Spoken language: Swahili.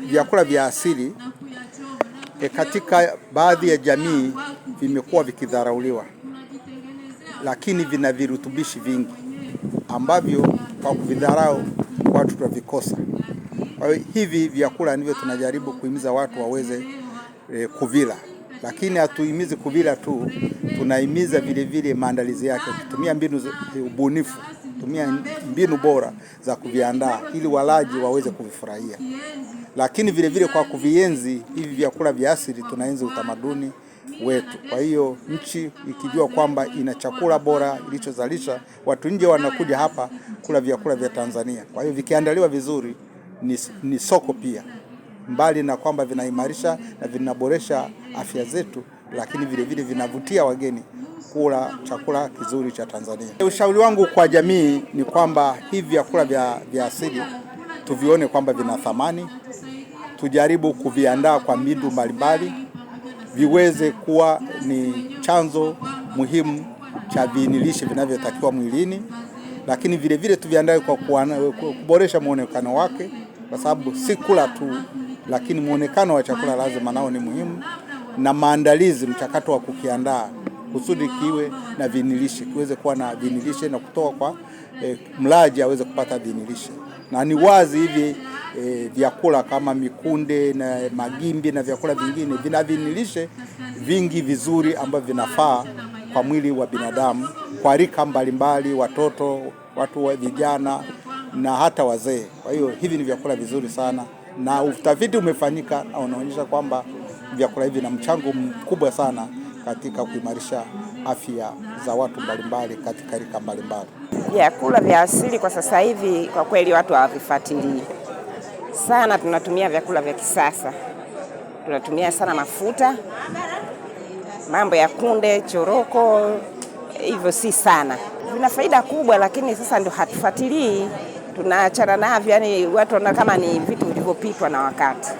Vyakula vya asili e, katika baadhi ya jamii vimekuwa vikidharauliwa, lakini vina virutubishi vingi ambavyo kwa kuvidharau watu tunavikosa. Kwa hiyo hivi vyakula ndivyo tunajaribu kuhimiza watu waweze e, kuvila, lakini hatuhimizi kuvila tu, tunahimiza vilevile maandalizi yake, kutumia mbinu za e, ubunifu kutumia mbinu bora za kuviandaa ili walaji waweze kuvifurahia. Lakini vile vile kwa kuvienzi hivi vyakula vya asili, tunaenzi utamaduni wetu. Kwa hiyo nchi ikijua kwamba ina chakula bora ilichozalisha, watu nje wanakuja hapa kula vyakula vya Tanzania. Kwa hiyo vikiandaliwa vizuri ni, ni soko pia, mbali na kwamba vinaimarisha na vinaboresha afya zetu, lakini vile vile vinavutia wageni kula chakula kizuri cha Tanzania. Ushauri wangu kwa jamii ni kwamba hivi vyakula vya, vya asili tuvione kwamba vina thamani, tujaribu kuviandaa kwa mbindu mbalimbali, viweze kuwa ni chanzo muhimu cha viinilishi vinavyotakiwa mwilini, lakini vilevile tuviandae kwa kuboresha muonekano wake, kwa sababu si kula tu, lakini muonekano wa chakula lazima nao ni muhimu, na maandalizi, mchakato wa kukiandaa kusudi kiwe na vinilishi, kiweze kuwa na vinilishi na kutoka kwa e, mlaji aweze kupata vinilishi. na ni wazi hivi e, vyakula kama mikunde na magimbi na vyakula vingine vina vinilishi vingi vizuri ambavyo vinafaa kwa mwili wa binadamu kwa rika mbalimbali, watoto, watu wa vijana na hata wazee. Kwa hiyo hivi ni vyakula vizuri sana, na utafiti umefanyika na unaonyesha kwamba vyakula hivi na mchango mkubwa sana katika kuimarisha afya za watu mbalimbali katika rika mbalimbali. Vyakula vya asili kwa sasa hivi kwa kweli watu hawavifuatilii sana, tunatumia vyakula vya kisasa, tunatumia sana mafuta, mambo ya kunde, choroko, hivyo si sana. Vina faida kubwa, lakini sasa ndio hatufuatilii, tunaachana navyo, yani watu wanaona kama ni vitu vilivyopitwa na wakati.